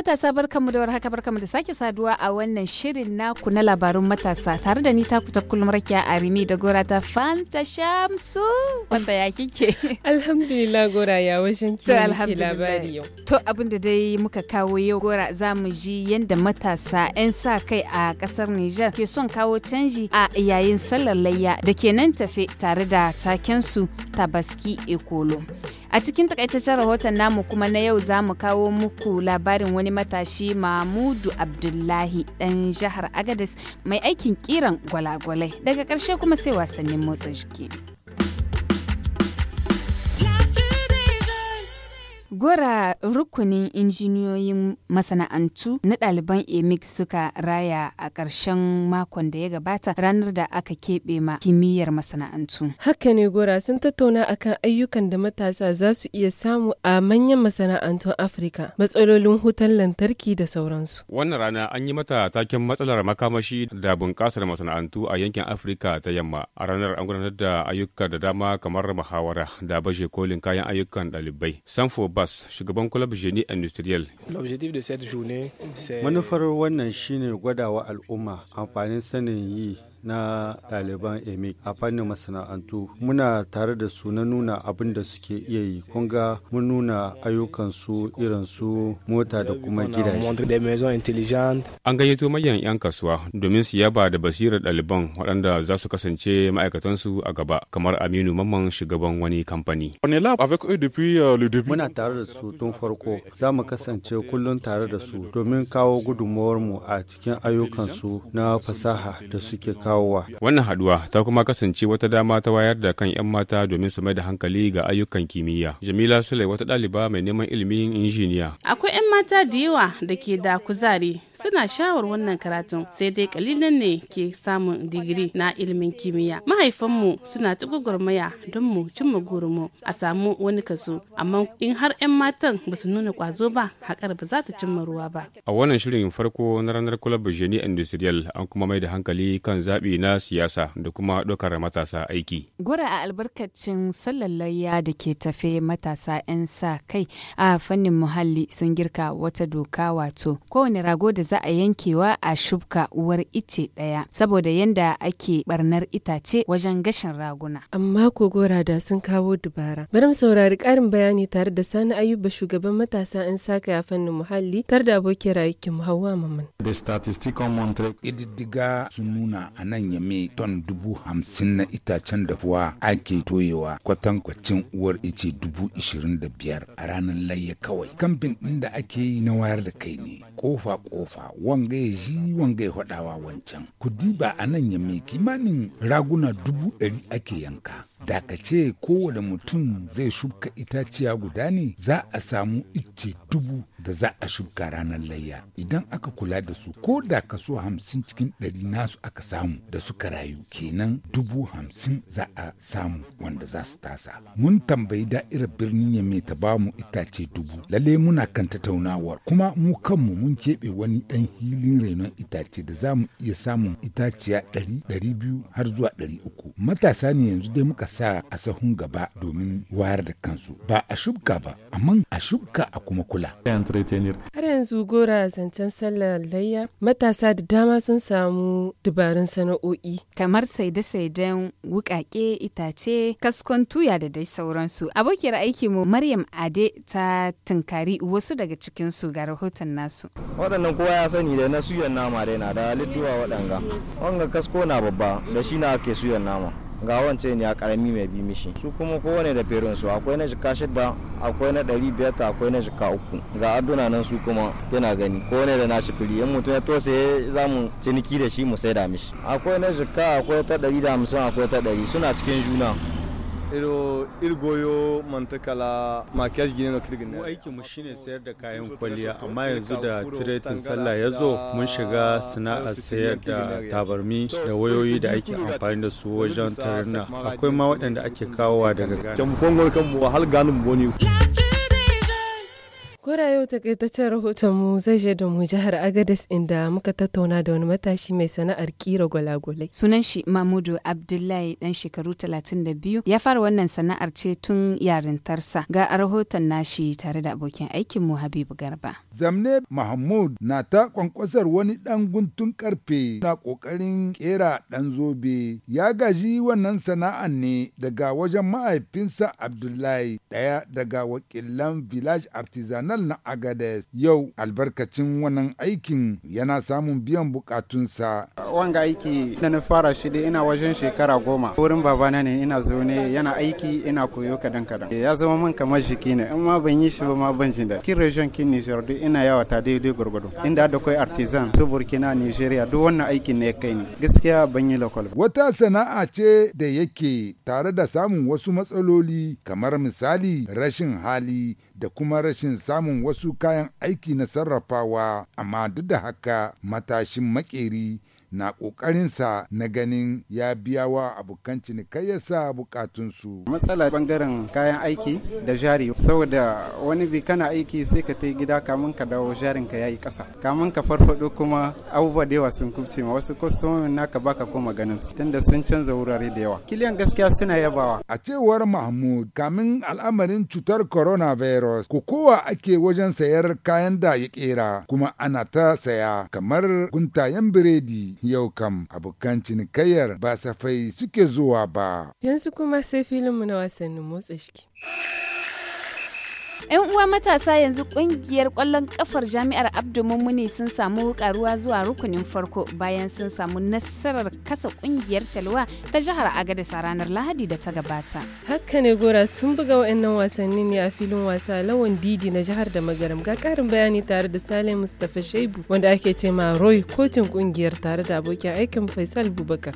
matasa mu da warhaka mu da sake saduwa a wannan shirin naku na labarun matasa tare da ni ta kuta kullum rakiya a rimi da gora ta fanta shamsu wanda ya kike. Alhamdulillah gora ya washin ki labari yau. To abin da dai muka kawo yau gora za mu ji yadda matasa 'yan sa kai a kasar niger ke son kawo canji a yayin sallar layya da ke nan tafe tare da takensu tabaski ekolo. A cikin takaitaccen rahoton namu kuma na yau za mu kawo muku labarin wani matashi mamudu Abdullahi ɗan jihar Agadez mai aikin kiran gwalagwalai. Daga ƙarshe kuma sai wasannin motsa jiki. Gora rukunin injiniyoyin masana'antu na ɗaliban EMIC suka raya a ƙarshen makon da ya gabata ranar da aka keɓe ma kimiyyar masana'antu. Haka ne Gora sun tattauna akan ayyukan da matasa za su iya samu a manyan masana'antun Afirka, matsalolin hutan lantarki da sauransu. Wannan rana an yi mata taken matsalar makamashi da bunƙasar masana'antu a yankin Afirka ta yamma. A ranar an gudanar da ayyuka da dama kamar muhawara da bashe kolin kayan ayyukan ɗalibai. Sanfo Bas L'objectif de cette journée, c'est... Industriel. na ɗaliban emic a fannin masana'antu muna tare da su na nuna abin da suke iya yi kun ga mun nuna ayyukansu irin su mota da kuma gidaje an gayyato manyan 'yan kasuwa domin su yaba da basirar ɗaliban waɗanda za su kasance ma'aikatansu a gaba kamar aminu mamman shugaban wani kamfani euh, muna tare da su tun farko za mu kasance kullum tare da su domin kawo mu a cikin ayyukansu na fasaha da suke kawo kawowa. Wannan haduwa ta kuma kasance wata dama ta wayar da kan 'yan mata domin su mai da hankali ga ayyukan kimiyya. Jamila Sule wata ɗaliba mai neman ilimin injiniya. Akwai 'yan mata da yawa da ke da kuzari suna shawar wannan karatun sai dai kalilan ne ke samun digiri na ilimin kimiyya. Mahaifanmu suna ta gwagwarmaya don mu cimma gurumu a samu wani kaso amma in har 'yan matan ba su nuna kwazo ba haƙar ba za ta cimma ruwa ba. A wannan shirin farko na ranar kulabar Jeni Industrial an kuma mai da hankali kan zaɓi zaɓi na siyasa da kuma ɗaukar matasa aiki. Gura a albarkacin sallar da ke tafe matasa 'yan sa kai a fannin muhalli sun girka wata doka wato kowane rago da za a yankewa a shubka uwar ice ɗaya saboda yanda ake barnar itace wajen gashin raguna. Amma ko gora da sun kawo dubara. Bari mu saurari ƙarin bayani tare da Sani Ayuba shugaban matasa 'yan sa kai a fannin muhalli tare da abokin aikin Hauwa Maman. Da statistics sun nuna nan ya yame ton dubu hamsin na itacen dafuwa ake toyewa kwatan kwacin uwar ice dubu ishirin da biyar a ranar layya kawai kamfin ɗin da ake yi na wayar da kai ne kofa kofa wanga ya ji wanga ya faɗawa wancan ku diba a nan ya mai kimanin raguna dubu ɗari ake yanka dakace kowane mutum zai shuka itaciya guda ne za a samu ice dubu da za a shuka ranar layya idan aka kula da su ko da kaso hamsin cikin ɗari nasu aka samu da suka rayu kenan dubu hamsin za a samu wanda za su tasa mun tambayi da'irar birnin mai ta bamu itace dubu lalle muna kan tattaunawar kuma mu kanmu mun keɓe wani ɗan hilin renon itace da za mu iya samun itaciya ɗari ɗari biyu har zuwa ɗari uku matasa ne yanzu dai muka sa a sahun gaba domin wayar da kansu ba a shubka ba amma a shubka a kuma kula har yanzu gora zancen sallar layya matasa da dama sun samu dubarun sanar sana'o'i kamar saide-saiden wukake itace kaskon tuya da dai sauransu abokiyar aiki mu maryam ade ta tunkari wasu daga cikin su ga rahoton nasu waɗannan kowa ya sani da na suyan nama dai na da lidduwa waɗanga wanga kasko na babba da shi na ake suyan nama ga wancan ya karami mai bi mishi su kuma kowane da ferin su akwai na jika shida akwai na ɗari biyar akwai na jika uku ga aduna nan su kuma yana gani kowane da nashi fili in mutum ya tose ya za mu ciniki da shi mu saida mishi akwai na jika akwai ta ɗari da hamsin akwai ta ɗari suna cikin juna iro irgoyo mantakala makiyaji gine na kirgin mu aikin mu shine sayar da kayan kwalliya amma yanzu da tiretin sallah ya zo mun shiga sana'ar sayar da tabarmi da wayoyi da ake amfani da su wajen tarina akwai ma waɗanda ake kawowa daga gani. Can mu kanmu ganin boni. Kora yau takaitaccen rahotonmu zai je da mu jihar Agadez inda muka tattauna da wani matashi mai sana'ar kira gwalagwale. Sunan shi Mahmudu Abdullahi dan shekaru 32 ya fara wannan sana'ar ce tun yarintarsa ga rahoton nashi tare da abokin aikin mu Habibu Garba. Zamne Mahmud na ta kwankwasar wani dan guntun karfe na kokarin kera dan zobe ya gaji wannan sana'ar ne daga wajen mahaifinsa Abdullahi daya daga wakilan village artisanal an na Agades yau albarkacin wannan aikin yana samun biyan bukatunsa. Wanga aiki na na fara shi dai ina wajen shekara goma. Wurin babana ne ina zaune yana aiki ina koyo kadan kadan. Ya zama min kamar jiki ne in ma ban yi shi ba ma ban jin da. Kin region kin Niger duk ina yawa ta daidai gwargwado. Inda da koi artisan su Burkina Nigeria duk wannan aikin ne kai ne. Gaskiya ban yi lokal. Wata sana'a ce da yake tare da samun wasu matsaloli kamar misali rashin hali da kuma rashin samun samun wasu kayan aiki na sarrafawa amma duk da haka matashin makeri na ƙoƙarinsa na ganin ya biya wa abokan cinikayyarsa bukatunsu. Matsala bangaren kayan aiki da jari saboda wani bi kana aiki sai ka tai gida kamun ka dawo jarin ka yayi ƙasa. Kamun ka farfado kuma abubuwa da yawa sun kubce ma wasu kwastomomin naka baka koma ganin su tunda sun canza wurare da yawa. Kiliyan gaskiya suna yabawa. A cewar Mahmud kamin al'amarin cutar coronavirus kokowa ake wajen sayar kayan da ya kera kuma ana ta saya kamar guntayen biredi yau kam abokan cinikayyar ba safai suke zuwa ba. Yanzu kuma sai filinmu na wasannin motsa shi. 'Yan uwa matasa yanzu kungiyar kwallon kafar jami'ar Abdu Mummuni sun samu karuwa zuwa rukunin farko bayan sun samu nasarar kasa kungiyar Talwa ta jihar Agadez a ranar Lahadi da ta gabata. Haka ne gora sun buga wa'annan wasannin ne a filin wasa lawan Didi na jihar da Magaram ga karin bayani tare da Salim mustapha Shaibu wanda ake ce ma Roy kocin kungiyar tare da abokin aikin Faisal Bubakar.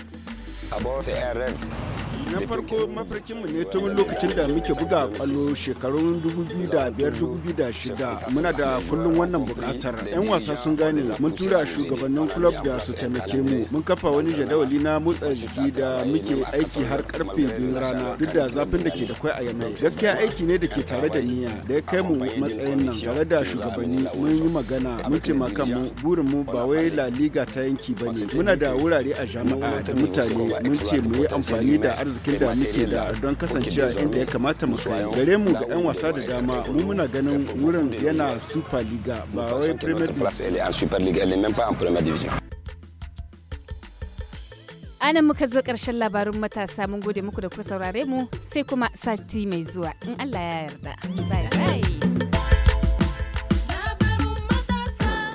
na farko mafarkinmu ne tun lokacin da muke buga kwallo shekarun 2005-2006 muna da kullum wannan bukatar 'yan wasa sun gane mun tura shugabannin club da su taimake mu mun kafa wani jadawali na motsa jiki da muke aiki har karfe biyu rana duk da zafin da ke da kwai a yamai gaskiya aiki ne da ke tare da niyya da ya kai mu matsayin nan tare da shugabanni mun yi magana mun ce mu burin mu ba wai la liga ta yanki bane muna da wurare a jami'a da mutane mun ce mu yi amfani da arziki matakin da muke da don kasancewa inda ya kamata mu kai gare mu ga 'yan wasa da dama mu muna ganin wurin yana super liga ba wai premier league anan muka zo karshen labarun matasa mun gode muku da kuka saurare mu sai kuma sati mai zuwa in Allah ya yarda bye bye